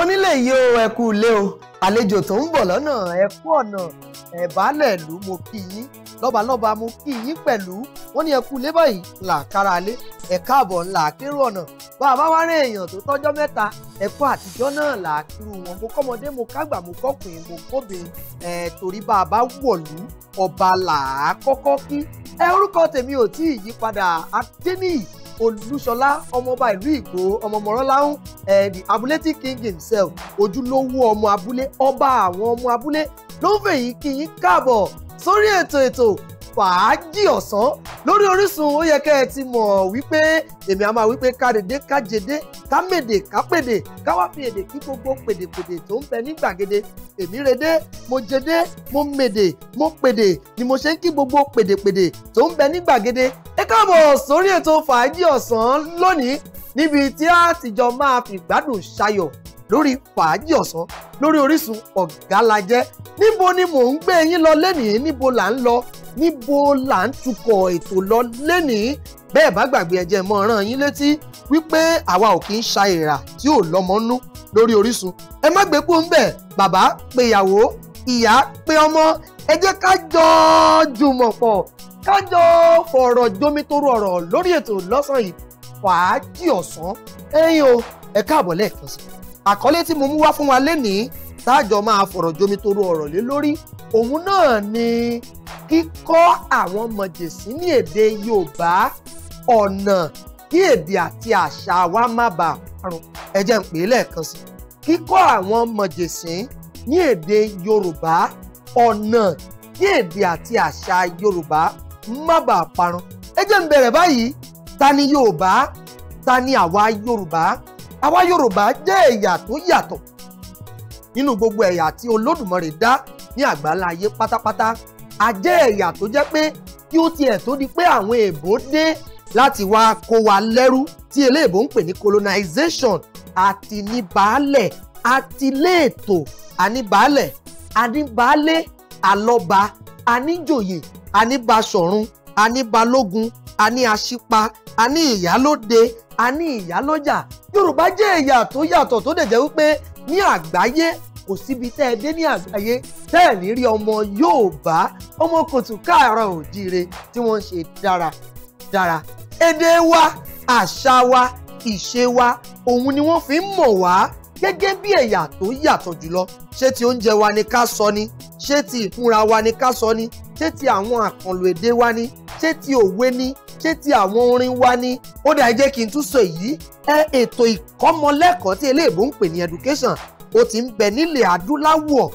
onílé yìí o ẹ kú ilé o àlejò tó ń bọ̀ lọ́nà ẹ kú ọ̀nà ẹ baálẹ̀ ìlú mo kí yín lọ́balọ́ba mo kí yín pẹ̀lú wọ́n ní ẹ kú ilé báyìí là kára lé ẹ káàbọ̀ là kérò ọ̀nà bá a bá wá rí èèyàn tó tọ́jọ́ mẹ́ta ẹ kú àtijọ́ náà là kírú wọn mo kọ́mọdé mo kágbà mo kọ́kùnrin mo kóbìnrin ẹ torí bá a bá wọ̀lú ọba là á kọ́kọ́ kí ẹ orúkọ tèmi ò tí ì yípadà adéníyì olùṣọlá ọmọọba ìlú ìgbò ọmọmọránláhùn the abúlétí king himself ojúlówó ọmọ abúlé ọba àwọn ọmọ abúlé ló ń fèyí kí yín káàbọ̀ sórí ètò ètò fàájì ọ̀sán lórí Orísun ó yẹ kẹ́ ẹ ti mọ̀ wípé èmi a máa wípé kárèdé kájèdé kámèdè kápèdè káwá fi èdè kí gbogbo pèdèpèdè tó ń bẹ ní gbàgede èmi rede mo jedé mo mèdè mo pèdè ni mo ṣe ń kí gbogbo pèdèpèdè tó ń bẹ ní gbàgede ẹ káàbọ̀ sórí ètò fàájì ọ̀sán lónìí níbi tí a ti jọ máa fi gbádùn ṣayọ̀ lórí fàájì ọ̀sán lórí Orísun ọ̀gá la jẹ́ níbo ni mò ń gbé yín lọ lẹ́nìí níbo là ń lọ níbo là ń tukọ̀ ètò lọ lẹ́nìí bẹ́ẹ̀ bá gbàgbé ẹ̀jẹ̀ mọ́ ràn yín létí wípé àwa ò kì í ṣa ìrà tí ò lọ́mọ́nú lórí Orísun ẹ má gbé kúrò ńbẹ̀ bàbá péyàwó ìyá pé ọmọ ẹ jẹ́ ká jọ jùmọ̀ pọ̀ ká jọ fọ̀rọ̀ jomitoro ọ̀rọ̀ lórí ètò lọ́sàn-án yìí fàájì ọ̀sán ẹ̀yin o ẹ káàbọ̀ lẹ́ẹ̀kan sí àkọlé tí mo mú wá fún wa lénìí táàjọ máa fọ̀rọ̀ jomi toro ọ̀rọ̀ lé lórí òun náà ni kíkọ́ àwọn mọ̀jẹ̀sí ní èdè Yorùbá ọ̀nà kí èdè àti àṣà wa má bàa parun ẹ jẹ́ n pè é lẹ́ẹ̀kan sí kíkọ́ àwọn mọ̀jẹ̀sí ní èdè Yorùbá ọ̀nà kí èdè àti àṣà Yorùbá má bàa parun ẹ jẹ́ bẹ̀rẹ̀ báyìí ta ni Yorùbá ta ni àwa Yorùbá àwa Yorùbá jẹ́ ẹ̀yà tó yàtọ̀ nínú gbogbo ẹ̀yà tí olódùmarè dá ní àgbáńlá ayé pátápátá a jẹ́ ẹ̀yà tó jẹ́ pé kí ó tiẹ̀ tó di pé àwọn èèbó dé láti wá kó wa lẹ́rú tí eléèbó ń pè ní colonization àti ní baálẹ̀ àti léètò àníbaálẹ̀ àníbaálé àlọ́ba àníjòyè àníbaṣọ̀run àníbalógun àníaṣípa àní ìyálóde àní ìyálọ́jà Yorùbá jẹ́ ẹ̀yà tó yàtọ̀ tó dẹ̀ jẹ́ wípé ní àgbáyé kò síbi tẹ́ ẹ dé ní àgbáyé tẹ́ ní rí ọmọ Yorùbá ọmọ kòtù káàárọ̀ òjíire tí wọ́n ń ṣe dáradára èdè wa àṣà wa ìṣe wa òun ni wọ́n fi ń mọ̀ wá gẹ́gẹ́ bí ẹ̀yà tó yàtọ̀ jùlọ ṣé ti oúnjẹ wa ni ká sọ ni ṣé ti ìfúnra wa ni ká sọ ni ṣé ti àwọn àkànlò èdè wa ni ṣé ti òwe ni ṣé ti àwọn orin wa ni ó dà jẹ́ kí n tún sọ èyí ètò ìkọ́mọlẹ́kọ̀ọ́ tí eléèbó ń pè ní education ó ti ń bẹ nílẹ̀ adúláwọ̀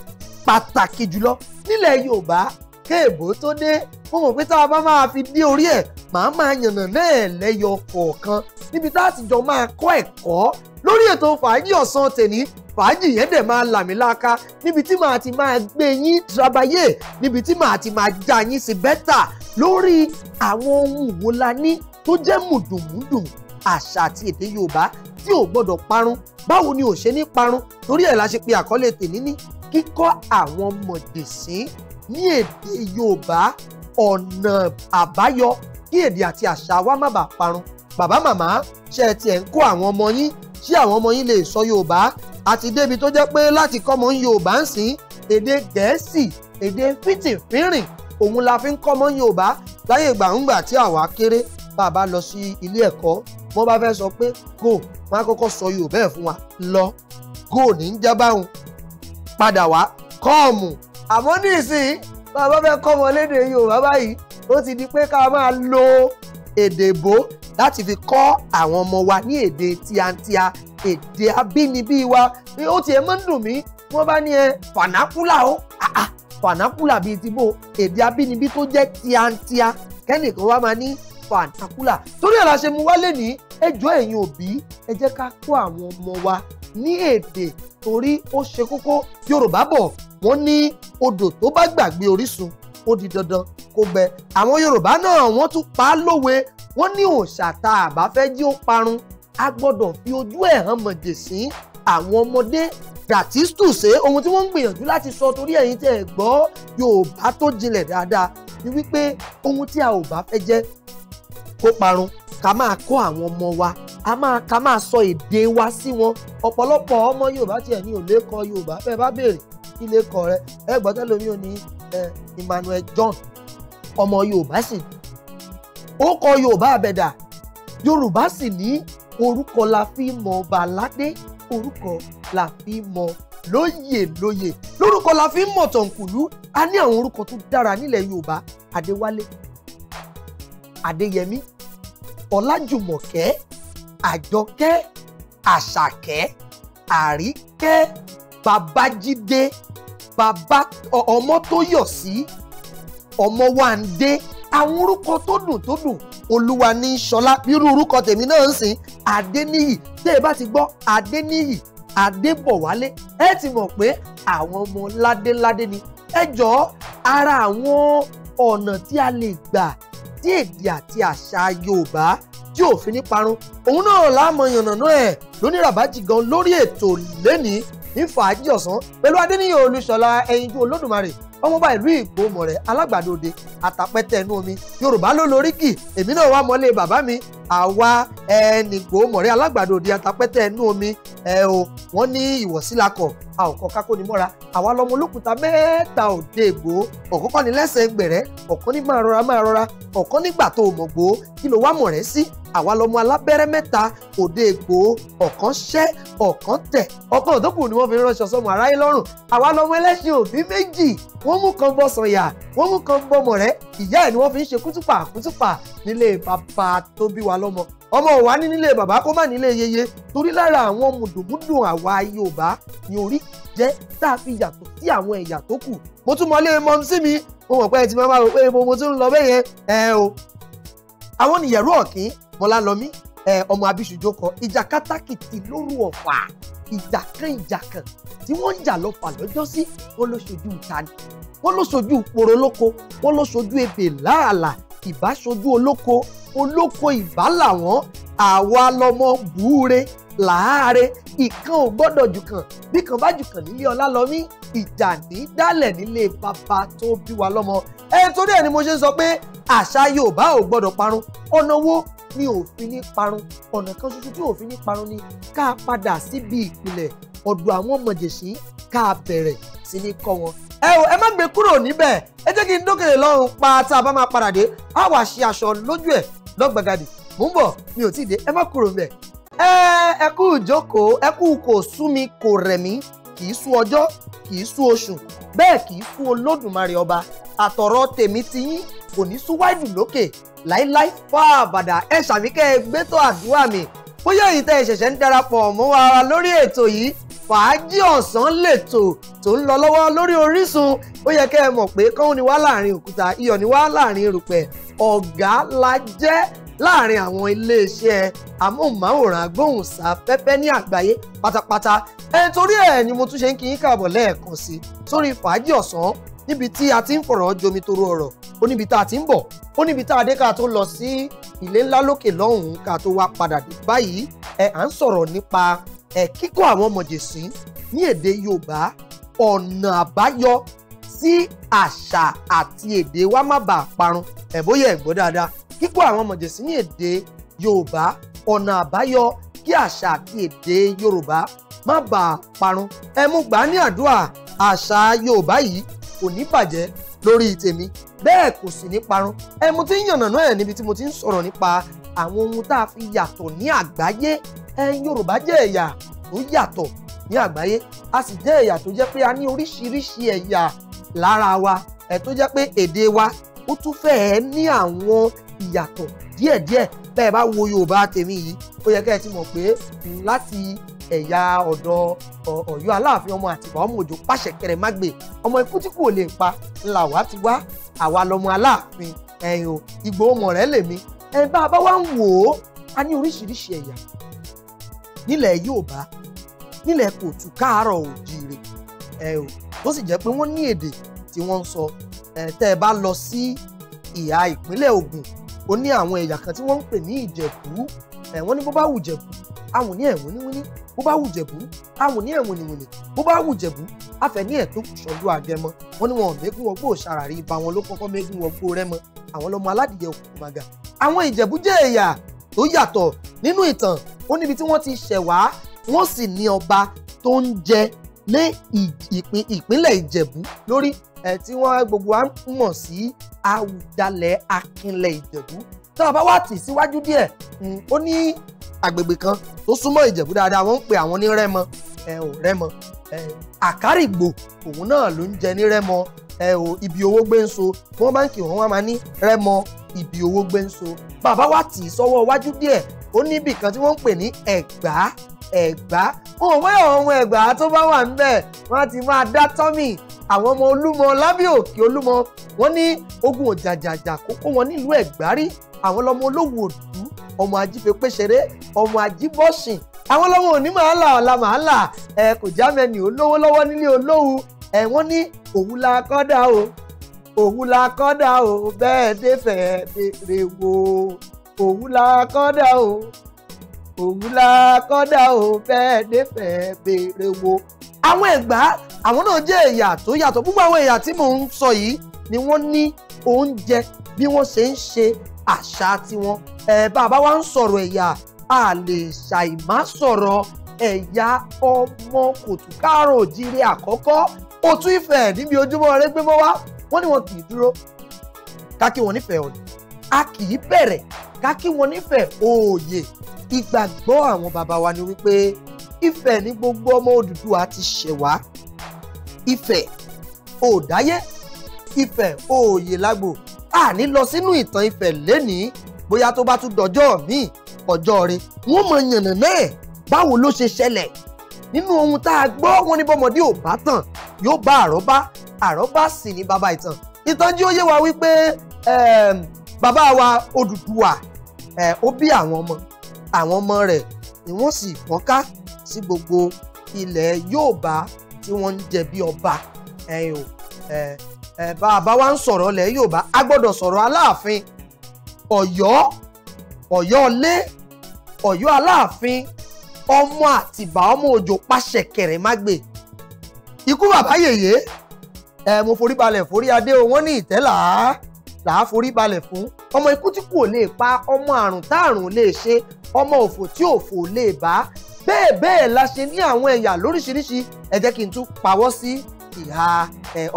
pàtàkì jùlọ nílẹ̀ yorùbá kéèbó tó dé mo mọ̀ pé tá a bá máa fi dé orí ẹ̀ màá máa yànnà náà lẹ́yọ kọ̀ọ̀kan níbi tá a ti jọ máa kọ́ ẹ̀kọ́ lórí ètò fàájì ọ̀sán tèní fàájì yẹn dẹ̀ máa làmìlaka níbi tí màá ti máa gbé yín trabayé níbi tí màá ti máa já yín sí bẹ́tà lórí àwọn ohun wo ní tó jẹ́ mùdùmùdùn àṣà àti èdè Yorùbá tí ò gbọ́dọ̀ parun báwo ni ò ṣe ní parun torí ẹ̀ la ṣe pe àkọlé tèmi ní kíkọ́ àwọn mọ̀jẹ̀sín ní èdè Yorùbá ọ̀nà àbáyọ kí èdè àti àṣà wa má bàa parun bàbá màmá ṣe ẹ tiẹ̀ ń kó àwọn ọmọ yín ṣé àwọn ọmọ yín lè sọ Yorùbá àti débi tó jẹ́ pé láti kọ́mọ ń Yorùbá ń sìn èdè Gẹ̀ẹ́sì èdè fìtìfìrìn òun la fi ń kọ́mọ ń Yorùbá láyé ìgbà ń gbà tí àwa kéré bá a bá lọ sí ilé ẹ̀kọ́ wọ́n bá fẹ́ sọ pé go wọ́n á kọ́kọ́ sọ Yorùbá ẹ̀ fún wa lọ go ní ń jẹ́ báwọn padà wá kọ́ọ̀mù àmọ́ ní ìsìn fẹ́ kọ́ ọmọ léde Yorùbá báyìí ó ti di pé ká máa lo èdè ìbò láti fi kọ́ àwọn ọmọ wa ní èdè tíantíà èdè abínibí wa ni ó tiẹ̀ máa dùn mí wọ́n bá ní ẹ fànákúlà ó fànákúlà bíi ti bò èdè abínibí tó jẹ́ tíantíà kẹ́nìkan wá máa ní fàǹtàkùlà torí ẹ̀ la ṣe mú wálé ní ẹjọ́ ẹ̀yin òbí ẹ jẹ́ ká kó àwọn ọmọ wa ní èdè torí ó ṣe kókó yorùbá bọ̀ wọ́n ní odò tó bá gbàgbé orísun ó di dandan kó gbẹ àwọn yorùbá náà wọ́n tún pa á lówe wọ́n ní òòṣà tá a bá fẹ́ jí ó parun a gbọ́dọ̀ fi ojú ẹ̀ hàn mọ̀jẹ̀ àwọn ọmọdé gratistu ohun tí wọ́n ń gbìyànjú láti sọ torí ẹ̀yin tẹ́ gbọ́ yorùbá tó jinlẹ̀ dáadáa ni wípé ohun tí a ò bá fẹ́ jẹ́ kó parun ká máa kọ́ àwọn ọmọ wa a máa ká máa sọ èdè wa sí wọn ọ̀pọ̀lọpọ̀ ọmọ Yorùbá tiẹ̀ ní ò kọ Yorùbá bẹ́ẹ̀ bá béèrè kí lè kọ rẹ ẹ gbọ́dọ̀ lómi ò ní Emmanuel John ọmọ Yorùbá sì ó kọ Yorùbá àbẹ̀dà Yorùbá sì ní orúkọ la fi mọ Bàládé orúkọ la fi mọ lóyè lóyè lórúkọ la fi mọ Tọ̀ǹkùlú a ní àwọn orúkọ tó dára nílẹ̀ Yorùbá Adéwálé adéyẹmí ọlájùmọ̀kẹ́ àjọkẹ́ àṣàkẹ́ àríkẹ́ babájídé bàbá ọmọ tó yọ̀ sí ọmọ wa ń dé àwọn orúkọ tó dùn tó dùn olúwa ní sọlá bírú orúkọ tèmi náà ń sìn adéníyì tẹ́ ẹ bá ti gbọ́ adéníyì adébọ̀wálé ẹ ti mọ̀ pé àwọn ọmọ ládéládé ni ẹ jọ̀ọ́ ara àwọn ọ̀nà tí a lè gbà tí èdè àti àṣà Yorùbá tí ò fi ní parun òun náà láàmọ yànnàná ẹ̀ lóní Rabaji gan lórí ètò lẹ́ni ní fàájì ọ̀sán pẹ̀lú Adéníyàn Olúṣọlá ẹyinjú Olódùmarè ọmọọba ìlú Ìgbòmọ̀rẹ́ alágbàdòde àtàpẹ́tẹ̀ inú omi Yorùbá ló lóríkì èmi náà wà mọ́lé bàbá mi àwa ẹnìgbò mọ̀rẹ́ alágbàdo òdi àtàpẹ́tẹ́ ẹnu omi ẹ o wọ́n ní ìwọ̀sílakọ̀ a ò kọ́ kákónimọ́ra àwa lọmọ olókùúta mẹ́ta òde ègbò ọ̀kan kọ́ ni lẹ́sẹ̀ gbẹ̀rẹ́ ọ̀kan ní máa rọra máa rọra ọ̀kan nígbà tó o mọ̀ gbò kí ló wá mọ̀rẹ́ sí àwa lọmọ alábẹ́rẹ́ mẹ́ta òde ègbò ọ̀kan ṣẹ́ ọ̀kan tẹ̀ ọ̀kan òdókùn ni wọ́n fi ránṣọ sọmọ aráyé lọ́rùn àwa lọmọ ẹlẹ́ṣin òbí méjì wọ́n mú kan bọ́ sọ̀yà wọ́n mú kan bọ́ mọ̀rẹ́ ìyá ẹ̀ ni wọ́n fi ń ṣe kútùpà kútùpà nílé bàbá tó bí wa lọ́mọ ọmọ òwa ní nílé bàbá kó má nílé yeye torí lára àwọn mùdùmùdùn àwa Yorùbá ni orí jẹ́ tá a fi yàtọ̀ sí àwọn ẹ̀yà tó kù mo tún mọlé mọ́mísí mi mo mọ̀ pé ẹ ti máa rò pé mo tún ń lọ bẹ́ẹ̀ yẹn ẹ o. àwọn nìyẹ̀rú ọ̀kín Mọ́lálọ́mí ọmọ abisujókọ ìjà kátàkìtì lóru ọ̀fà ìjà kan ìjà kan tí wọ́n ń jà lọ́fà lọ́jọ́sí wọ́n ló ṣojú ìta ni wọ́n ló ṣojú ìporo lóko wọ́n ló ṣojú ebè láàlà ìbáṣojú olóko olóko ìbá làwọn àwa lọmọ búure làáre ìkan ò gbọ́dọ̀ jùkàn bí kan bá jùkàn nílé ọlá lọ mí ìjà ní dálẹ̀ nílé bàbá tó bí wa lọ́mọ ẹ torí ẹ̀ ni mo ṣe ń sọ pé àṣà Yorùbá ò gbọ́dọ̀ parun ọ̀nà wo ni òfin ní parun ọ̀nà kan ṣoṣo tí òfin ní parun ni ká padà síbi ìpìlẹ̀ ọ̀dọ̀ àwọn mọ̀jẹ̀sí ká bẹ̀rẹ̀ sí ní kọ́ wọn ẹ o ẹ má gbé kúrò níbẹ̀ ẹ jẹ́ kí n dókèlè lọ́rùn pa tá a bá máa padà dé á wàá ṣe aṣọ lójú ẹ̀ Lọ́gbagadì mò ń bọ̀ mi ò tí ì dé ẹ má kúrò ń bẹ̀. ẹ ẹ kú ìjókòó ẹ kú kò sú mi kò rẹ̀ mí kì í sú ọjọ́ kì í sú oṣù bẹ́ẹ̀ kì í sú olódùmarè ọba àtọ̀rọ̀ tèmi ti yín kò ní sú wáìdù lókè láíláí fọ́ àbàdà ẹ ṣàmì ẹ gbé tó àdúrà mi bóyá èyí tẹ́ ẹ ṣẹ̀ṣẹ̀ ń darapọ̀ mọ́ wa lórí ètò yìí fàájì ọ̀sán lètò tó ń lọ lọ́wọ́ lórí Orísun ó yẹ kẹ́ ẹ mọ̀ pé kọ́hún ni wá láàrin òkúta iyọ̀ ni wá láàrin erùpẹ̀ ọ̀gá la jẹ́ láàrin àwọn iléeṣẹ́ amóhùnmáwòrán agbóhùnsáfẹ́fẹ́ ní àgbáyé pátápátá ẹ torí ẹ̀ ni mo tún ṣe ń kí yín káàbọ̀ lẹ́ẹ̀kan sí sórí fàájì ọ̀sán níbi tí a ti ń fọ̀rọ̀ jomitoro ọ̀rọ̀ ó níbi tá a ti ń bọ̀ ó tá a dé ká tó lọ sí ilé ńlá lókè lọ́hùn-ún ká tó wá padà dé báyìí ẹ à ń sọ̀rọ̀ nípa ẹ̀ kíkọ́ àwọn mọ̀jẹ̀sín ní èdè Yorùbá ọ̀nà àbáyọ sí àṣà àti èdè wa má bàa parun ẹ̀ bóyá ẹ̀ gbọ́ dáadáa kíkọ́ àwọn mọ̀jẹ̀sín ní èdè Yorùbá ọ̀nà àbáyọ kí àṣà àti èdè Yorùbá má bàa parun ẹ mú gbà á ní àdúrà àṣà Yorùbá yìí kò ní bàjẹ́ lórí tèmi bẹ́ẹ̀ kò sì ní parun ẹ mo ti ń yànnàná ẹ̀ níbi tí mo ti ń sọ̀rọ̀ nípa àwọn ohun tá a fi yàtọ̀ ní àgbáyé ẹ̀yin Yorùbá jẹ́ ẹ̀yà tó yàtọ̀ ní àgbáyé a sì jẹ́ ẹ̀yà tó jẹ́ pé a ní oríṣiríṣi ẹ̀yà lára wa ẹ̀ tó jẹ́ pé èdè wa ó tún fẹ́ẹ́ ní àwọn ìyàtọ̀ díẹ̀díẹ̀ bẹ́ẹ̀ bá wo Yorùbá tèmi yìí ó yẹ kẹ́ ẹ ti mọ̀ pé láti ẹ̀yà ọ̀dọ̀ Ọ̀yọ́ Aláàfin ọmọ Àtìbà ọmọ Òjó pàṣẹ kẹrẹ má gbé ọmọ ikú tí kò lè pa ńlá wàá ti wá àwa lọmọ Aláàfin ẹ̀yìn o Ìgbòho mọ̀rẹ́ lèmi ẹ̀ bá a bá wá ń wò ó a ní oríṣiríṣi ẹ̀yà nílẹ̀ Yorùbá nílẹ̀ kòtù káàárọ̀ òjíire ẹ o tó sì jẹ́ pé wọ́n ní èdè tí wọ́n ń sọ ẹ tẹ́ ẹ bá lọ sí ìhà ìpínlẹ̀ Ògùn ó ní àwọn ẹ̀yà kan tí wọ́n ń pè ní Ìjẹ̀bú ẹ̀ wọ́n ní bó bá wù Jẹ̀bú àwọn ní ẹ̀wọ̀n níwíní bó bá wù Jẹ̀bú àwọn ní ẹ̀wọ̀n níwíní bó bá wù Jẹ̀bú àfẹ̀ní ẹ̀ tó ṣọdún àgẹmọ wọ́n ní wọn ò mẹ́gún ọgbó òṣàràrí ibà wọn ló kọ́kọ́ mẹ́gún ọgbó rẹ́mọ àwọn lọ́mọ aládìyẹ òkùnkùn màgà àwọn Ìjẹ̀bú jẹ́ ẹ̀yà tó yàtọ̀ nínú ìtàn ó níbi tí wọ́n ti ṣẹ̀ wá wọ́n sì ní ọba tó ń jẹ lé ìpínlẹ̀ ìjẹ̀bú lórí ẹ̀ tí wọ́n gbogbo à ń mọ̀ sí àwùjalẹ̀ akínlẹ̀ ìjẹ̀bú tá a bá wá tì síwájú díẹ̀ hmm, ó ní àgbègbè kan tó súnmọ́ ìjẹ̀bú dáadáa wọ́n ń pe àwọn ní rẹ́mọ ẹ ò rẹ́mọ àkárìgbò òun náà ló ń jẹ ní rẹ́mọ ẹ o ibi owó gbé ń so tí wọ́n bá ń kì wọ́n wá máa ní rẹ́mọ ibi owó gbé ń so bàbá wa tì í sọ́wọ́ iwájú díẹ̀ ó ní ibì kan tí wọ́n ń pè ní ẹ̀gbá ẹ̀gbá wọn ò mọ ọ̀hún ẹ̀gbá tó bá wà ńbẹ̀ wọ́n á ti máa dá tọ́mì àwọn ọmọ olúmọ lábẹ́ òkè olúmọ wọ́n ní ogun òjàjàjà kókó wọn nílùú ẹ̀gbá rí àwọn lọmọ olówó òdú ọmọ ajífepéṣeré ọmọ ajíbọ̀sìn àwọn lọ́wọ́ òní màálà ọ̀la màálà ẹ kò já mẹ́ni olówó lọ́wọ́ nílé olówó ẹ̀ wọ́n ní òun la kọ́dà o òun la kọ́dà o bẹ́ẹ̀ dé fẹ̀ẹ́ dèrè wo òun la kọ́dà o òun la kọ́dà o bẹ́ẹ̀ dé fẹ̀ẹ́ dèrè wo. àwọn Ẹ̀gbá àwọn náà jẹ́ ẹ̀yà tó yàtọ̀ gbogbo àwọn ẹ̀yà tí mò ń sọ yìí ni wọ́n ní oúnjẹ bí wọ́n ṣe ń ṣe àṣà tiwọn ẹ̀ bàbá wa ń sọ̀rọ̀ ẹ̀yà a lè ṣàìmá sọ̀rọ̀ ẹ̀yà ọmọ kòtùkárò jíire àkọ́kọ́ òtún ìfẹ́ níbi ojúmọ́ rẹ gbé mọ́ wá wọ́n ní wọn kì í dúró ká kí wọn nífẹ̀ẹ́ òní a kì í bẹ̀rẹ̀ ká kí wọn nífẹ̀ẹ́ òòyè ìgbàgbọ́ àwọn bàbá wa ni wípé ìfẹ́ ní gbogbo ọmọ Odùduwà ti ṣẹ̀ wá ìfẹ́ òdáyé ìfẹ́ òòyè lágbo a ní lọ sínú ìtàn ìfẹ́ lénìí bóyá tó bá tún dọjọ́ míì ọjọ́ rẹ wọ́n mọ̀ yànnà náà báwo ló ṣe ṣẹlẹ̀ nínú ohun tá a gbọ́ wọn ní bọ́mọdé ò bá tàn yóò bá àrọ́bá àrọ́bá sì ní bàbá ìtàn ìtàn ó yé wa wípé bàbá wa Odùduwà ó bí àwọn ọmọ àwọn ọmọ rẹ̀ ni wọ́n sì fọ́nká sí gbogbo ilẹ̀ Yorùbá tí wọ́n ń jẹ bí ọba ẹ̀yìn o bàbá wa ń sọ̀rọ̀ ilẹ̀ Yorùbá a gbọ́dọ̀ sọ̀rọ̀ Aláàfin Ọ̀yọ́ Ọ̀yọ́ Ọlé Ọ̀yọ́ Aláàfin ọmọ àtìbà ọmọ òjò pàṣẹ kẹrẹ má gbé ikú bàbá yèyé ẹ mo forí balẹ̀ forí adé o wọ́n ní ìtẹ́là là á forí balẹ̀ fún ọmọ ikú tí kò lè pa ọmọ àrùn táàrùn lè ṣe ọmọ òfò tí òfò lè bá bẹ́ẹ̀ bẹ́ẹ̀ la ṣe ní àwọn ẹ̀yà lóríṣiríṣi ẹ jẹ́ kí n tún pawọ́ sí ìhà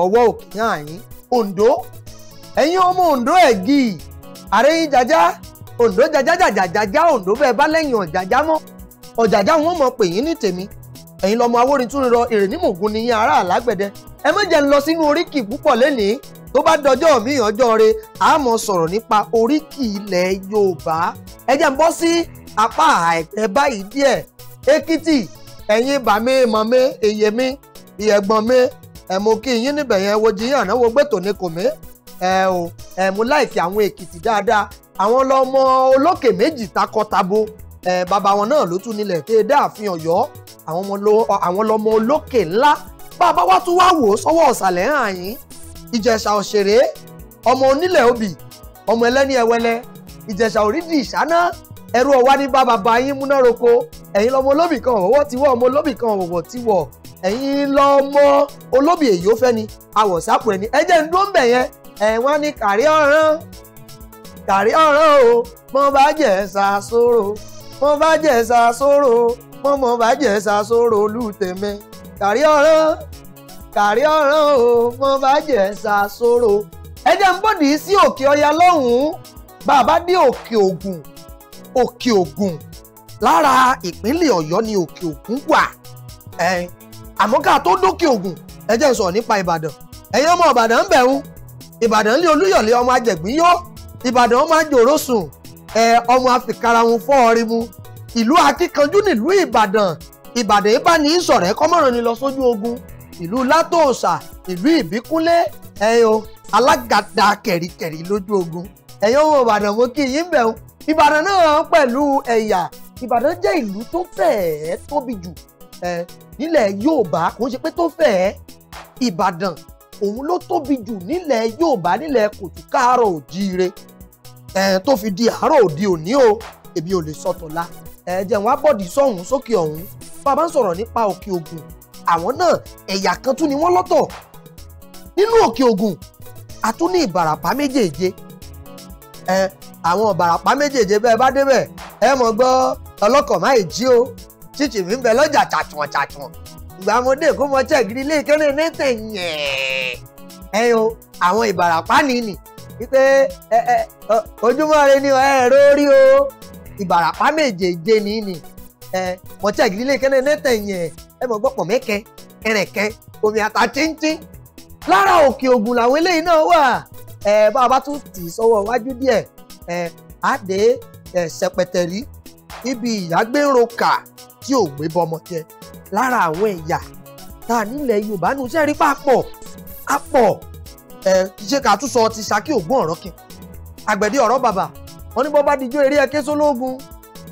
ọwọ́ òkè náà yín Ondo ẹ̀yin ọmọ Ondo ẹ̀gì àrẹ́yìn jajá Ondo jajá jajá jajá Ondo bẹ́ẹ̀ bá lẹ́yìn ọ̀jajá mọ́ ọ̀jàjà wọn mọ̀ pè yín ní tèmi ẹ̀yin lọ́mọ awórin tún rọ èrè ní mògùn ní yín ará àlágbẹ̀dẹ ẹ má jẹ́ ń lọ sínú oríkì púpọ̀ lénìí tó bá dọjọ́ mi ọjọ́ re a mọ̀ sọ̀rọ̀ nípa oríkì ilẹ̀ Yorùbá ẹ jẹ́ ń bọ́ sí apá àìpẹ́ báyìí díẹ̀ Èkìtì ẹ̀yin bàmí mọ̀mí èyèmí ìyẹ̀gbọ̀n mi ẹ̀mú kí yín níbẹ̀ yẹn wo jiyàn náà wo gbẹ́tò ní kò mí ẹ̀ ò ẹ̀mú láìsí àwọn Èkìtì dáadáa àwọn lọ́mọ olókè méjì takọ tabo bàbá wọn náà ló tún nílẹ̀ tẹ́ dá ààfin ọ̀yọ́ àwọn lọ́mọ olókè ńlá bàbá wa tún wá wò ó sọ́wọ́ ọ̀sàlẹ̀ hàn yín ìjẹ̀ṣà òṣèré ọmọ onílẹ̀ obì ọmọ ẹlẹ́ni ẹ̀wẹ́lẹ́ ìjẹ̀ṣà òrídìí ìṣáná ẹ̀rú ọ̀wá ní bá bàbá yín múná roko ẹ̀yin lọ́mọ olóbì kan ọ̀wọ́ ti wọ̀ ọmọ olóbì kan ọ̀wọ̀ ti wọ̀ ẹ̀yin lọ́mọ olóbì èyí ó fẹ́ ni àwọ̀sápò ẹni ẹ̀jẹ̀ ń dún bẹ̀ yẹn ẹ̀wọ́n ní kàrí ọ̀rán kàrí ọ̀rán o mo bá jẹ̀ sàṣòro mo bá jẹ̀sà sóró mo mọ̀ bá jẹ̀sà sóró olùtẹ̀mẹ́ kàrí ọ̀rán kàrí ọ̀rán o mo bá jẹ̀sà sóró. ẹ jẹ́ ń bọ̀dì sí òkè ọya lọ́hùn-ún bàbá dé òkè ògùn òkè ògùn lára ìpínlẹ̀ ọ̀yọ́ ni òkè ògùn wà àmọ́ ká tó dókè ògùn ẹ jẹ́ ń sọ̀rọ̀ nípa ìbàdàn ẹ̀yin ọmọ ìbàdàn ń bẹ̀rù ìbàdàn lé olúyọ̀lé ọmọ ajẹ̀gbín yó ìbàdàn ọmọ àjòrò sùn ọmọ àfikàrà wọn fọ́ ọrin mu ìlú akíkanjú nílùú ìbàdàn ìbàdàn yìí bá ní í sọ̀rẹ́ kọ́mọ̀ràn ni lọ sójú ogun ìlú látòòsà ìlú ìbíkúnlé ẹ̀yọ alágàdá kẹ̀ríkẹ̀rí lójú ogun ẹ̀yọ́ ọmọ ìbàdàn mo kí yín bẹ̀ wọn ìbàdàn náà pẹ̀lú ẹ̀yà ìbàdàn jẹ́ ìlú tó fẹ́ẹ́ tóbi jù nílẹ̀ yorùbá kò ń ṣe pé tó fẹ́ẹ́ ìbàdàn òun ló tóbi jù nílẹ̀ yorùbá nílẹ̀ kòtùkárọ̀ òjíire ẹ tó fi di àárọ̀ òde òní o èmi ò lè sọ tọ̀la ẹ wọn á bọ̀dì sọ̀hún sókè ọ̀hún bá a bá ń sọ̀rọ̀ nípa òkè ògùn àwọn náà ẹ̀yà kan tún ni wọ́n lọ́tọ̀ nínú òkè ògùn a tún ní ìbàràpá méjèèje ẹ àwọn ìbàràpá méjèèje bẹ́ẹ̀ bá débẹ̀ ẹ mọ̀ gbọ́ ọlọ́kọ̀ máa jí o títì mi ń bẹ lọ́jà tàtùwọ̀n tàtùwọ̀n ìgbà mo dé kó mo tẹ̀ gírí ilé ìkéré ní tẹ̀yẹ̀ ẹ o àwọn ìbàràpá nìyí wípé ojúmọ́ rẹ ni ẹ rórí o ìbàràpá méjèèjé ní ni mọ̀tí àgbélé kẹ́nẹ́ nẹ́tẹ̀ yẹn ẹ mọ̀ gbọ́pọ̀ mẹ́kẹ́ kẹrẹ̀kẹ́ omi àtà tíntín lára òkè ògùn làwọn eléyìí náà wà bá a bá tún tì í sọ́wọ́ iwájú díẹ̀ á dé sẹpẹtẹrí ibi ìyàgbẹ́rọ̀kà tí ò gbé bọmọ jẹ lára àwọn ẹ̀yà tá a nílẹ̀ Yorùbá nù sẹ́rí pàpọ̀ àpọ̀ ẹ ṣe ká tún sọ ti Ṣakí ògbón ọ̀rọ̀ kin àgbẹ̀dẹ ọ̀rọ̀ bàbà wọn ní bó bá dijọ́ eré ẹkẹ́ sólógun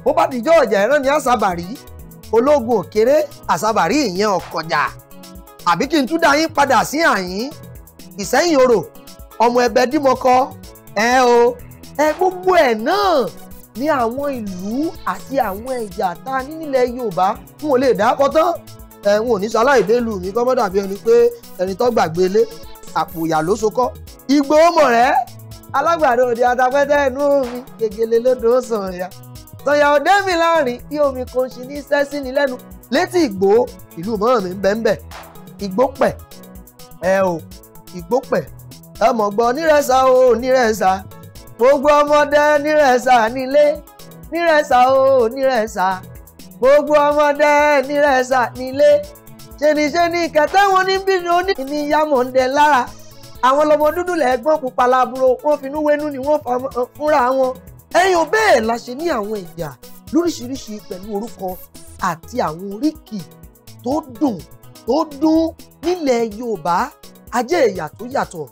bó bá dijọ́ ọ̀jà ẹ̀rán ní àṣàbàrí ológun òkèrè àṣàbàrí ìyẹn ọ̀kọ̀jà àbí kí n tún dá yín padà sí àyín ìsẹ́yìn orò ọmọ ẹgbẹ́ dímọkọ ẹ o ẹ gbogbo ẹ̀ náà ní àwọn ìlú àti àwọn ẹ̀yà tá a ní nílẹ̀ Yorùbá n ò lè dákọ tán ẹ̀ n ò ní sọ aláìdélù mi kọ́mọ́dà bí ẹni pé ẹni tó gbàgbé lé àpòyà ló sokọ́ Ìgbòho mọ̀rẹ́ alágbàdo òde atapẹ́tẹ́ inú omi gègèlè lódò sàn ya sọ̀yà òde mi láàrin bí omi kan ṣì ní sẹ́sí ni lẹ́nu létí Ìgbòho ìlú mọ́ mi bẹ́ńbẹ́ Ìgbópẹ̀ ẹ o Ìgbópẹ̀ ẹ mọ̀ gbọ́ nírẹ̀sà o nírẹ̀sà gbogbo ọmọdé nírẹ̀sà nílé nírẹ̀sà o nírẹ̀sà gbogbo ọmọdé nírẹ̀sà nílé ṣèníṣe ní ìkẹtẹ wọn ní bí oní ní yamọ ń dẹ lára àwọn lọmọ dúdú lẹẹgbọn pupa laburo wọn finú wẹnu ni wọn fúnra wọn ẹ̀yin bẹ́ẹ̀ la ṣe ní àwọn ìjà lóríṣiríṣi pẹ̀lú orúkọ àti àwọn oríkì tó dùn tó dún nílẹ̀ Yorùbá ajé ẹ̀yà tó yàtọ̀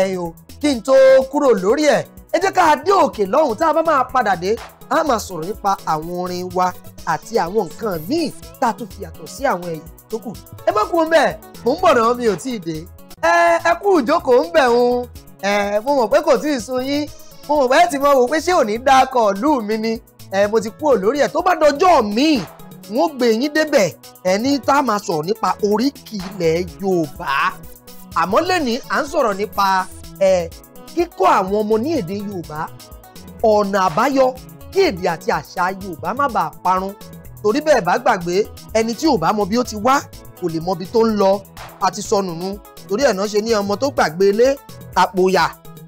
ẹ̀yin o kí n tó kúrò lórí ẹ̀ ẹ jẹ́ ká dé òkè lọ́hùn tá a bá máa padà dé a máa sọ̀rọ̀ nípa àwọn orin wa àti àwọn nǹkan míì tá a tún fi yàtọ̀ sí àwọn ẹ̀yà tó kù ẹ má kú mbẹ mò ń bọ̀dọ̀ mi ò tí ì dé ẹ ẹ kú ìjókòó ń bẹ̀ ń mo mọ̀ pé kò tí ì sun yín mo mọ̀ pé ti mọ̀ wò pé ṣé òní dákọ̀ ìlú mi ni ẹ mo ti kúrò lórí ẹ̀ tó bá dọjọ́ míì wọ́n gbé yín débẹ̀ ẹni tá a máa sọ̀rọ̀ nípa Yorùbá àmọ́ lẹ́ni à ń sọ̀rọ̀ nípa ẹ kíkọ́ àwọn ọmọ ní èdè Yorùbá ọ̀nà àbáyọ kí èdè àti àṣà Yorùbá má bàa torí bẹ́ẹ̀ bá gbàgbé ẹni tí ò bá mọ bí ó ti wá kò lè mọ ibi tó ń lọ àti sọnù nu torí ẹ̀ náà ṣe ní ọmọ tó gbàgbé ilé tàpòyà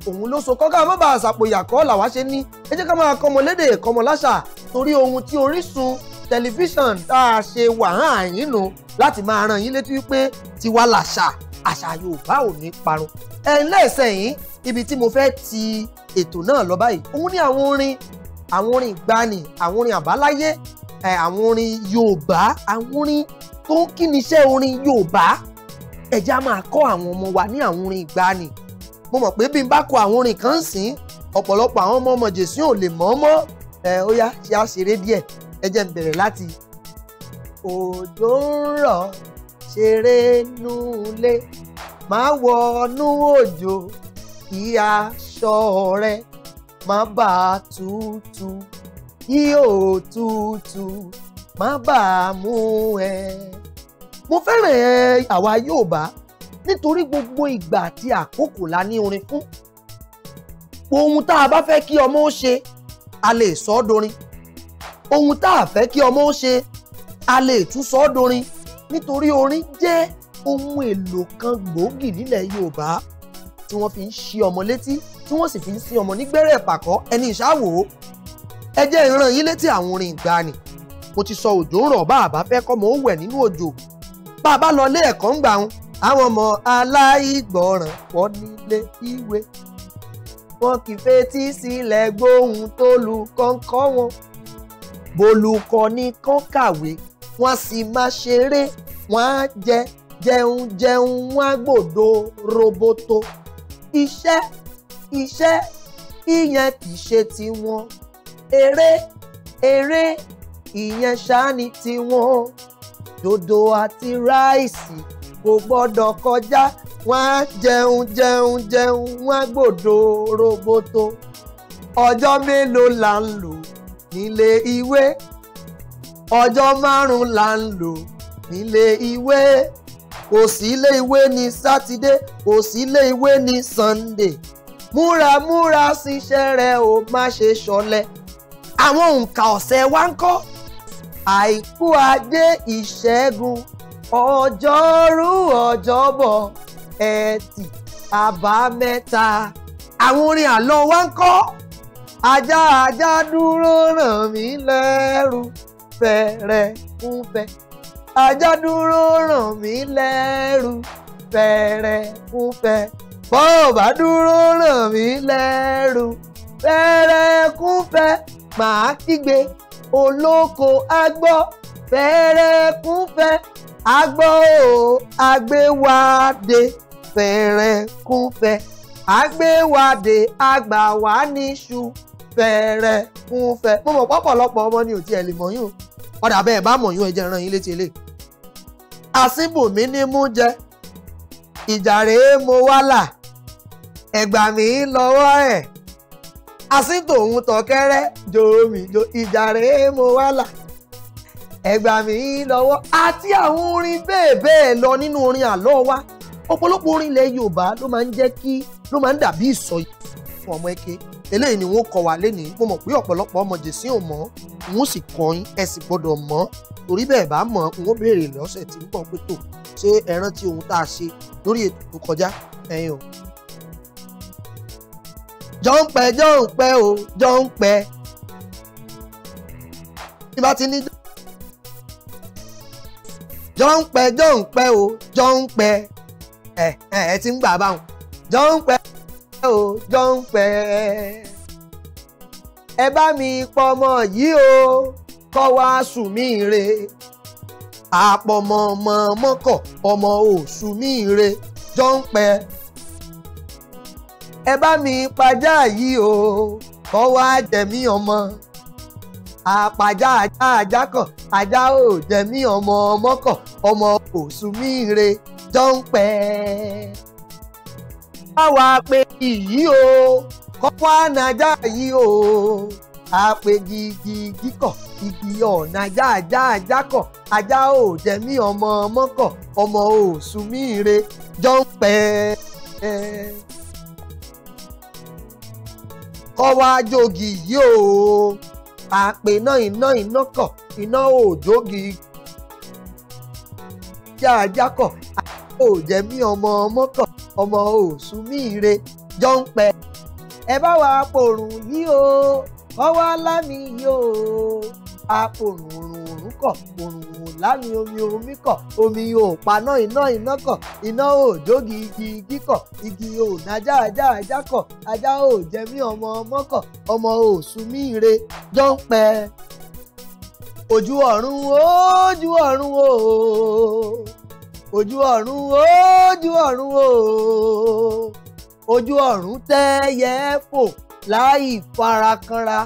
òun ló so kọ́ká má bàa ṣàpòyà kọ́ làwa ṣe ní ẹ jẹ́ ká máa kọ́mọ lédè kọ́mọ láṣà torí ohun tí Orísun tẹlifíṣàn tá a ṣe wà hàn àyín nu láti máa ràn yín létí wípé tiwa làṣà àṣà Yorùbá ò ní parun ẹ̀ ńlẹ́ ìsẹ̀yìn ibi tí mo fẹ́ ti ètò náà lọ báyìí òun ní àwọn orin àwọn orin ìgbani àwọn orin àbáláyé àwọn orin Yorùbá àwọn orin tó ń kí níṣẹ́ orin Yorùbá ẹ jẹ́ máa kọ́ àwọn ọmọ wa ní àwọn orin ìgbàanì mo mọ̀ pé bí n bá kọ àwọn orin kan sìn ọ̀pọ̀lọpọ̀ àwọn ọmọ ọmọ jésù ò lè mọ̀ mọ́ ẹ ó yá ṣe á ṣeré díẹ̀ ẹ jẹ́ bẹ̀rẹ̀ láti. òjò ń rọ̀ ṣeré nulẹ̀ máa wọ inú òjò kí aṣọ rẹ má bàa tútù kí òtútù má bàa mú ẹ. mo fẹ́ràn àwa Yorùbá nítorí gbogbo ìgbà àti àkókò la ní orin fún ohun tá a bá fẹ́ kí ọmọ ó ṣe a lè sọ ọ́ dorin ohun tá a fẹ́ kí ọmọ ó ṣe a lè tún sọ ọ́ dorin nítorí orin jẹ́ ohun èlò kan gbòógì nílẹ̀ Yorùbá tí wọ́n fi ń ṣí ọmọ létí tí wọ́n sì fi ń sin ọmọ nígbẹ́rẹ́ pàkọ́ ẹni ìṣáwò ẹ jẹ́ ìran yín létí àwọn orin ìgbani mo ti sọ òjò ń rọ̀ bá àbá fẹ́ kọ́ mọ ó wẹ̀ nínú òjò bá a bá lọ ilé ẹ̀kọ́ ń gbà wọn àwọn ọmọ aláìgbọràn wọ́n nílé ìwé wọn kì í fetí sílẹ̀ gbóhùn tó lu kọ́ńkọ́ wọn bolùkọ́ ní kán kàwé wọ́n sì máa ṣeré wọ́n á jẹ jẹun jẹun wọ́n á gbòdo roboto iṣẹ́ iṣẹ́ ìyẹn kì í ṣe tiwọn eré eré ìyẹn ṣáni tiwọn dòdò àti ráìsì kò gbọ́dọ̀ kọjá wọ́n á jẹun jẹun jẹun wọ́n á gbòdo roboto ọjọ́ mélòó là ń lò nílé ìwé ọjọ́ márùn-ún là ń lò nílé ìwé kò sí ilé ìwé ní sátidé kò sí ilé ìwé ní sànńdé múra múra ṣiṣẹ́ rẹ o má ṣe ṣọ̀lẹ àwọn òǹkà ọ̀sẹ̀ wa ń kọ́ àìkú ajé ìṣẹ́gun ọjọ́rú ọjọ́bọ̀ ẹtì àbámẹ́ta àwọn orin àlọ́ wa ń kọ́ ajá ajá dúró ràn mí lẹ́rù fẹ̀rẹ̀ kúfẹ̀ ajá dúró ràn mí lẹ́rù fẹ̀rẹ̀ kúfẹ̀ bọ́ọ̀ bá dúró ràn mí lẹ́rù fẹ̀rẹ̀ kúfẹ̀ màá kígbe olóko agbọ́ fẹ̀rẹ̀kúfẹ́ agbọ́ o agbéwádé fẹ̀rẹ̀kúfẹ́ agbéwádé àgbà wá níṣu fẹ̀rẹ̀kúfẹ́. mo mọ̀ pọ́pọ̀lọpọ̀ ọmọ ni ò tiẹ̀ lè mọ̀ yín o ọ̀dà bẹ́ẹ̀ bá mọ̀ yín o ẹ jẹ́ rán yín létí eléyìí. àsìbòmí ni mú jẹ ìjà rèé mo wá là ẹ̀gbà mi lọ́wọ́ ẹ̀ asíntòun tọ̀kẹ́rẹ́ jòmí jo ìjàre mo wá là ẹgbà mi lọ́wọ́ àti àwọn orin bẹ́ẹ̀ bẹ́ẹ̀ lọ nínú orin àlọ́ wa ọ̀pọ̀lọpọ̀ orin ilẹ̀ Yorùbá ló máa ń jẹ́ kí ló máa ń dàbí ìsọyí fún ọmọ eke eléyìí ni wọ́n kọ́ wa lénìí mo mọ̀ pé ọ̀pọ̀lọpọ̀ ọmọ jèsí ò mọ̀ n ó sì kọ́ yín ẹ sì gbọ́dọ̀ mọ̀ torí bẹ́ẹ̀ bá mọ̀ n ó béèrè lọ́sẹ̀ tí ń bọ̀ pé tò ṣé ẹ rántí ohun tá a ṣe lórí ètò tó kọjá ẹ̀yin o jọ́ǹpẹ́ jọ́ǹpẹ́ o jọ́ǹpẹ́ tí bá ti ní. jọ́ǹpẹ́ jọ́ǹpẹ́ o jọ́ǹpẹ́ ẹ ẹ ẹ ti ń gbà báwọn jọ́ǹpẹ́ o jọ́ǹpẹ́ ẹ bá mi pọmọ yìí o kọ́ wá sùn mí re àpọ̀mọ̀mọ̀ mọ́kọ̀ ọmọ òsùn mí re jọ́ǹpẹ́. ẹ bá mi pàjá yìí o kọ́ wá jẹ̀mí ọmọ àpàjá ajá ajá kan ajá ò jẹ̀mí ọmọ ọmọ kan ọmọ òsù mi re jọ ń pẹ́. báwa pé ìyí o kọ́ wá nàjà yìí o àpè igi igi kọ̀ igi ọ̀nà ajá ajá ajá kọ̀ ajá ò jẹ̀mí ọmọ ọmọ kọ̀ ọmọ òsù mi re jọ ń pẹ́. kọ́ wá jogi yìí o àpè náà iná iná kọ̀ iná ò jogi jáàjá kọ̀ ò jẹ́ mí ọmọ ọmọ kọ̀ ọmọ òsù mí ire jọ ń pẹ́ ẹ bá wa pòrùn yìí o ọwọ́ alámi yìí o a òrùn òrùn òrùn kọ̀ òrùn òrùn láàrin omi òrùn mi kọ̀ omi ò paná iná iná kọ̀ iná ò jógi igi igi kọ̀ igi ò nájà ajá ajá kọ̀ ajá ò jẹ ọmọ ọmọ kọ̀ ọmọ ò sùn ire jọ́ǹpẹ́ ojú ọ̀run ojú ọ̀run o ojú ọ̀run ojú ọ̀run o ojú ọ̀run tẹ́yẹ fò láì farakanra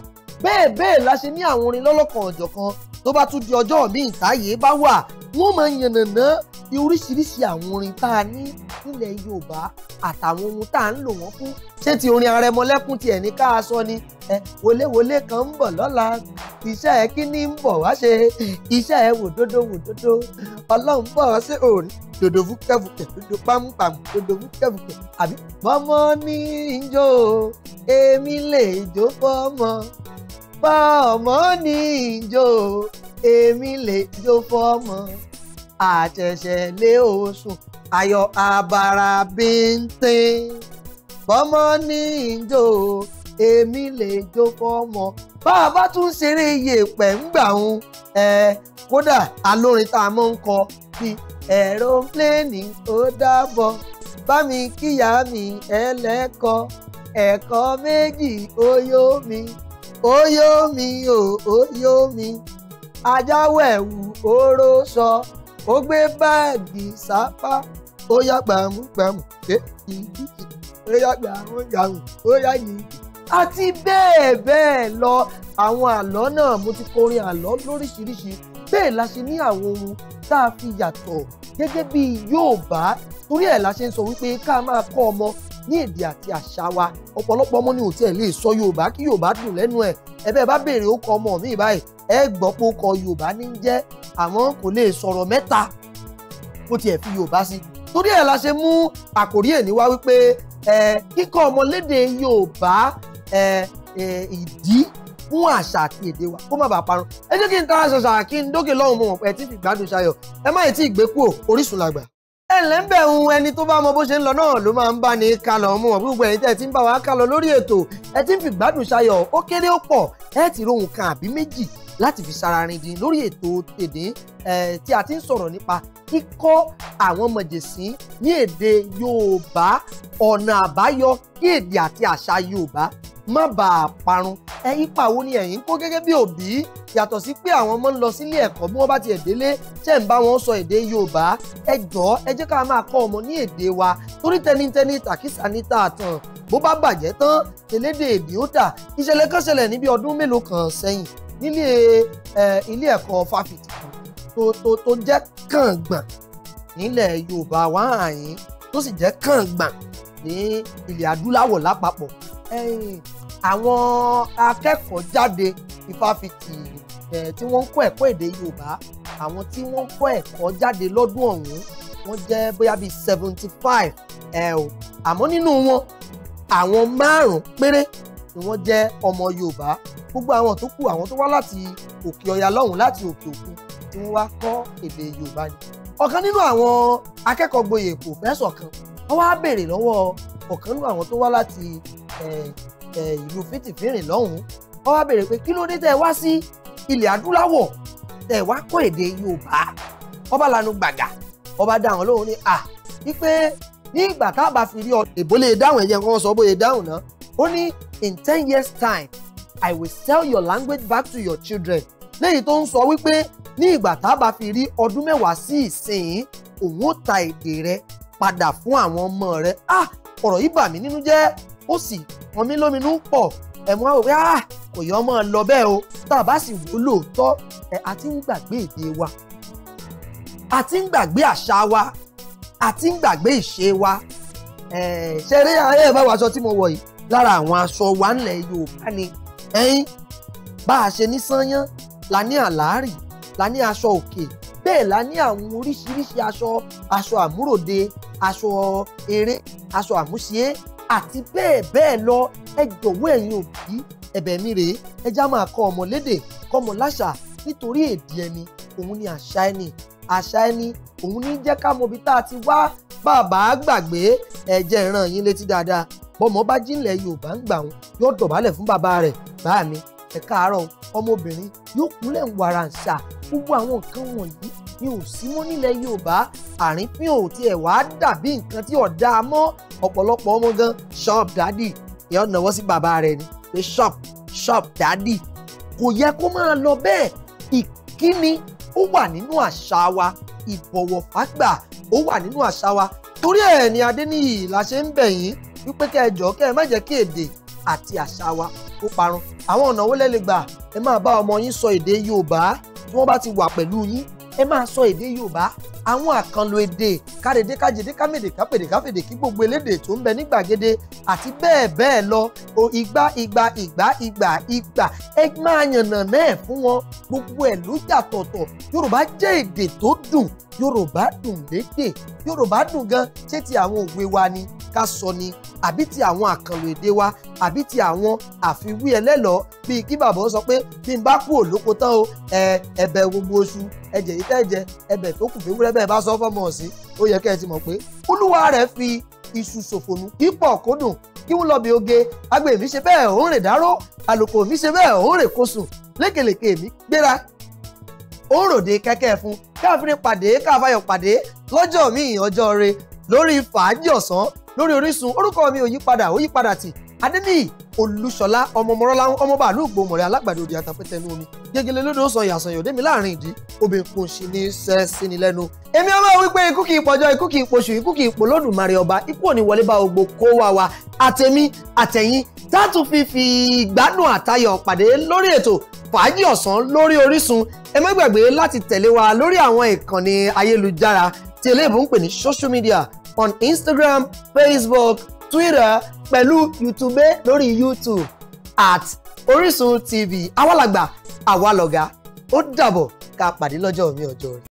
bẹ́ẹ̀ bẹ́ẹ̀ la ṣe ní àwọn orin lọ́lọ́kan ọ̀jọ̀kan tó bá tún di ọjọ́ míì táyé bá wà wọ́n máa yànnàná oríṣiríṣi àwọn orin tá a ní nílẹ̀ Yorùbá àtàwọn ohun tá a ń lò wọ́n fún ṣé ti orin arẹmọlẹ́kún tiẹ̀ ní ká a sọ ni ẹ wọléwọlé kan ń bọ̀ lọ́la iṣẹ́ ẹ kí ni ń bọ̀ wá ṣe iṣẹ́ ẹ wòdodo wòdodo ọlọ́run bọ̀ wá sí òòrùn dòdò fúkẹ́fúkẹ́ dòdò pámpámù dòdò fúkẹ́fúkẹ́ àbí bọ́mọ ní ìjó èmi lè jó fọ́mọ fọmọ ní ìjó èmi lè jó fọmọ àṣẹ̀ṣẹ̀ lé oṣù ayọ̀ abara bíntín fọmọ ní ìjó èmi lè jó fọmọ bá a bá tún ṣeré yèèpẹ̀ ń gbà ń kódà alórin tá a mọ̀ ń kọ bí ẹ̀rọ̀pléènì ó dábọ̀ bá mi kíyà mi ẹlẹ́kọ̀ọ́ ẹ̀kọ́ méjì ó yó mi ó yó mi ò ó yó mi ajáwọ̀ ẹ̀wù oró sọ ó gbé báàgì sápá ó yá gbàmú gbàmú ké yìí ó yá gbàmú gbàmú ó yá yìí àti bẹ́ẹ̀ bẹ́ẹ̀ lọ àwọn àlọ́ náà mo ti kọrin àlọ́ lóríṣiríṣi bẹ́ẹ̀ la ṣe ní àwọn ohun tá a fi yàtọ̀ gẹ́gẹ́ bí Yorùbá torí ẹ̀ la ṣe ń sọ wípé ká máa kọ́ ọmọ ní èdè àti àṣà wa ọ̀pọ̀lọpọ̀ ọmọ ni ò tiẹ̀ lè sọ yorùbá kí yorùbá dùn lẹ́nu ẹ̀ ẹ bẹ́ẹ̀ bá béèrè ó kọ ọmọ mi báyìí ẹ gbọ́ pé ó kọ yorùbá ní jẹ́ àmọ́ kò lè sọ̀rọ̀ mẹ́ta kó tiẹ̀ fi yorùbá sí torí ẹ̀ la ṣe mú àkòrí ẹ̀ níwá wípé kíkọ́ ọmọlédè yorùbá ìdí fún àṣà àti èdè wa kó má bàa parun ẹ jẹ́ kí n tara ṣàṣà kí n dókè lọ́hùn-ún mọ̀ ẹ̀ tí fi gbádùn ṣayọ̀ ẹ má yẹ tí ì gbé kúrò Orísun làgbà ẹ̀lẹ́ ń bẹ̀ ń ẹni tó bá mọ bó ṣe ń lọ náà ló máa ń bá ní kálọ̀ ọmọ wọn gbogbo ẹ̀yin tẹ́ ẹ ti ń bá wa kálọ̀ lórí ètò ẹ ti ń fi gbádùn ṣayọ̀ ó kéré ó pọ̀ ẹ ti rohùn kan àbí méjì láti fi sararindin lórí ètò tèdè tí a ti ń sọ̀rọ̀ nípa kíkọ́ àwọn mọ̀jẹ̀sín ní èdè Yorùbá ọ̀nà àbáyọ kí èdè àti àṣà Yorùbá má bàa parun ẹ ipa wo ni ẹ̀yin kó gẹ́gẹ́ bí òbí yàtọ̀ sí pé àwọn ọmọ ń lọ sílé ẹ̀kọ́ bí wọ́n bá tiẹ̀ délé ṣẹ̀ ń bá wọn sọ èdè Yorùbá ẹ jọ̀ọ́ ẹ jẹ́ ká máa kọ́ ọmọ ní èdè wa torí tẹnitẹni tàkísà ní tààtàn bó bá bàjẹ́ tán elédè èdè ó tà ìṣẹ̀lẹ̀ kan ṣẹlẹ̀ níbi ọdún mélòó kan sẹ́yìn nílé ilé ẹ̀kọ́ fáfitì tó jẹ́ kàngbọ̀n nílẹ̀ Yorùbá wá àyín tó sì jẹ́ kàngbọ̀n ní ilẹ̀ adúláwọ̀ lápapọ̀ àwọn akẹ́kọ̀ọ́ jáde ìfáfitì tí wọ́n ń kọ́ ẹ̀kọ́ èdè Yorùbá àwọn tí wọ́n ń kọ́ ẹ̀kọ́ jáde lọ́dún ọ̀hún wọ́n jẹ́ bóyá bíi seventy five ẹ̀ àmọ́ nínú wọn àwọn márùn-ún péré ni wọ́n jẹ́ ọmọ Yorùbá gbogbo àwọn tó kù àwọn tó wá láti òkè ọya lọ́hùn láti òkè òkun tí wọ́n wá kọ́ èdè yorùbá ni ọ̀kan nínú àwọn akẹ́kọ̀ọ́ gboyè pòfẹ́sọ̀ kan wọ́n wá béèrè lọ́wọ́ ọ̀kan nínú àwọn tó wá láti ìlú fìtìfìrìn lọ́hùn wọ́n wá béèrè pé kí ló dé tẹ́ ẹ wá sí ilẹ̀ adúláwọ̀ tẹ́ ẹ wá kọ́ èdè yorùbá ọba lanu gbàgà ọba dá àwọn lóhùn ní à wípé ní ìgbà tá fi rí ọ èbó lè dáhùn ẹ̀yẹ nǹkan sọ bóyá dáhùn náà ó ní in ten years time I will sell your language back to your children lẹ́yìn tó ń sọ wípé ní ìgbà tá a bá fi rí ọdún mẹ́wàá sí ìsìn òun ó ta èdè rẹ padà fún àwọn ọmọ rẹ ah ọ̀rọ̀ yìí bà mí nínú jẹ́ ó sì wọn mí lóminú pọ̀ ẹ̀mú àwọn òwe ah kò yọ ọmọ lọ bẹ́ẹ̀ o tá a bá sì wò lóòótọ́ ẹ̀ a ti ń gbàgbé èdè wa a ti ń gbàgbé àṣà wa a ti ń gbàgbé ìṣe wa ṣeré ayé ẹ̀ bá wàá sọ tí mo wọ̀ yìí lára àwọn aṣọ wa ńlẹ̀ Yorùbá ni ẹ̀yìn bá a ṣe ní sányán la ní àlárì la ní aṣọ òkè bẹ́ẹ̀ la ní àwọn oríṣiríṣi aṣọ aṣọ àmúròde aṣọ eré aṣọ àmúṣe àti bẹ́ẹ̀ bẹ́ẹ̀ lọ ẹ jọ̀wọ́ ẹ̀yin òbí ẹ̀bẹ̀ mi rèé ẹ já máa kọ́ ọmọ lédè kọ́ ọmọ láṣà nítorí èdè ẹni òun ni àṣà ẹni àṣà ẹni òun ní jẹ́ ká mọ ibi tá a ti wá bàbá gbàgbé ẹ jẹ́ ìran yín létí dáadáa bọ́mọ bá jínlẹ̀ yorùbá ń gbà wọn yóò dọ̀bálẹ̀ fún bàbá rẹ̀ báà mi ẹ káàárọ̀ ọmọbìnrin yóò kúnlẹ̀ ń wàrà ń ṣà gbogbo àwọn nǹkan wọ̀nyí ni ò sí mọ́ nílẹ̀ yorùbá àrífín ò tiẹ̀ wá dàbí nǹkan tí ò dáa mọ́ ọ̀pọ̀lọpọ̀ ọmọ gan shop daddy ìyá ọ̀nà wọ́n sí bàbá rẹ̀ ni pé shop shop daddy kò yẹ kó máa lọ bẹ́ẹ̀ ìkíni ó wà nínú àṣà wa ìbọ̀wọ̀ fágbà ó wà nínú àṣà wa torí ẹ̀ ni adéníyì la ṣe ń bẹ̀ wípé kẹ́ ẹ jọ kẹ́ ẹ má jẹ́ kí èdè àti àṣà wa kó parun àwọn ọ̀nà wo lẹ lè gbà ẹ máa bá ọmọ yín sọ èdè Yorùbá bí wọ́n bá ti wà pẹ̀lú yín ẹ máa sọ èdè yorùbá àwọn àkànlò èdè kárèdè kájèdè kámèdè kápèdè káfèdè kí gbogbo elédè tó ń bẹ ní gbàgede àti bẹ́ẹ̀ bẹ́ẹ̀ lọ o igba igba igba igba igba ẹ máa yànnà náà fún wọn gbogbo ẹ̀ ló yàtọ̀tọ̀ yorùbá jẹ́ èdè tó dùn yorùbá dùn lédè yorùbá dùn gan ṣé ti àwọn òwe wa ni ká sọ ni àbí ti àwọn àkànlò èdè wa àbí ti àwọn àfiwí ẹlẹ́lọ́ọ́ bíi kí bàbá sọ pé bí n bá kú òlóko o ẹ ẹ̀bẹ̀ gbogbo oṣù ẹ̀jẹ̀ tẹ́ jẹ ẹbẹ̀ tó kù fewúrẹ́ bẹ́ẹ̀ bá sọ fọ́mọ ọ̀sìn ó yẹ kẹ́ ẹ ti mọ̀ pé olúwa rẹ̀ fi iṣu ṣòfònú kí pọ̀ kó dùn kí wọ́n lọ bí oge agbe mi ṣe bẹ́ẹ̀ òun rè dáró àlùkò mi ṣe bẹ́ẹ̀ òun rè kóso lékelèké mi gbéra òun ròde kẹ́kẹ́ fún káfíńrin pàdé káfáyọ̀ pàdé lọ́jọ́ míì ọjọ́ re lórí fàájì ọ̀sán lórí Orísun orúkọ mi ò yípadà ò yípadà tì Adéníyì olúṣọlá ọmọmọrọlá ọmọọba àlùgbòmọrẹ alágbàdo òde àtàpẹtẹ ní omi gégele lódò sàn yàsàn yòdè mi láàrin ìdí obìnrin kò sí ní sẹ sí ni lẹ́nu. èmi ọba wípé ikú kì í pọjọ ikú kì í poṣù ikú kì í polódùmarè ọba ikú òní wọlé bá ogbó kó wa wa àtẹmí àtẹyìn tátù fífi ìgbádùn àtayọ̀ pàdé lórí ètò fàájì ọ̀sán lórí Orísun ẹ má gbàgbé láti tẹ̀lé wa lórí àwọn ìkànnì ayélujára tí eléèbó social media on Instagram, Facebook Twitter pẹ̀lú YouTube lórí YouTube at Orísun TV àwa làgbà àwa lọ̀gá ó dàbọ̀ ká pàdé lọ́jọ́ mi ọjọ́ rẹ̀.